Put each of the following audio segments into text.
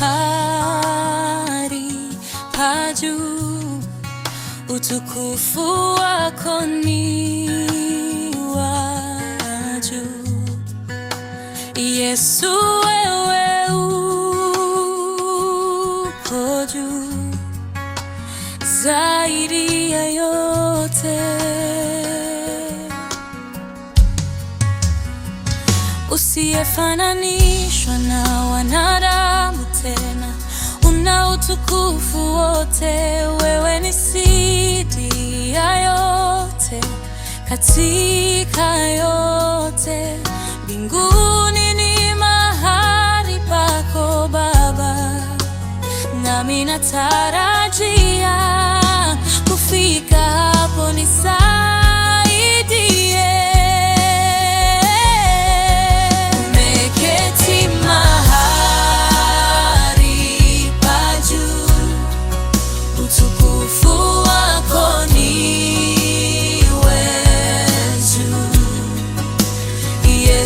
mahali pa juu, utukufu wako ni wa juu, Yesu wewe uko juu zaidi usiyefananishwa na wanadamu tena, una utukufu wote, wewe ni siri ya yote, katika yote mbinguni. Ni mahali pako Baba, nami natarajia kufika hapo ni saa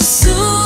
Jesus.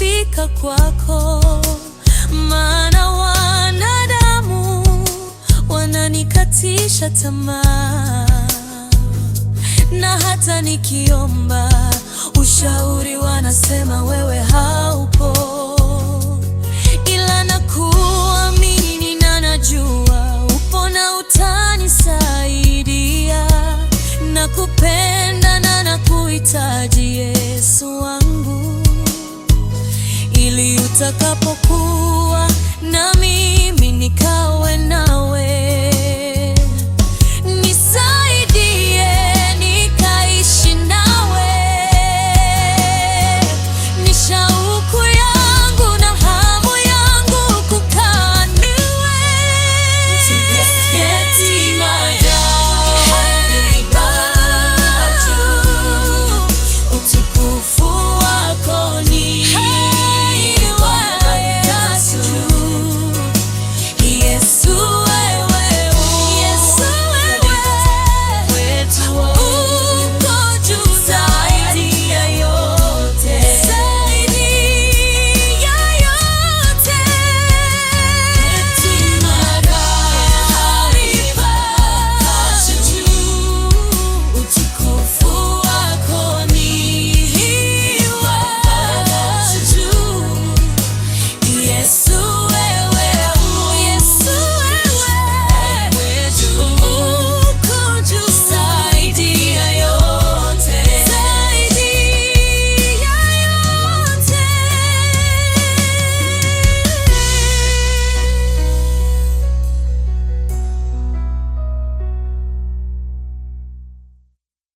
kufika kwako, maana wanadamu wananikatisha tamaa, na hata nikiomba ushauri wanasema wewe haupo, ila nakuamini na najua upo na utanisaidia na kupe utakapokuwa na mimi nikawe nawe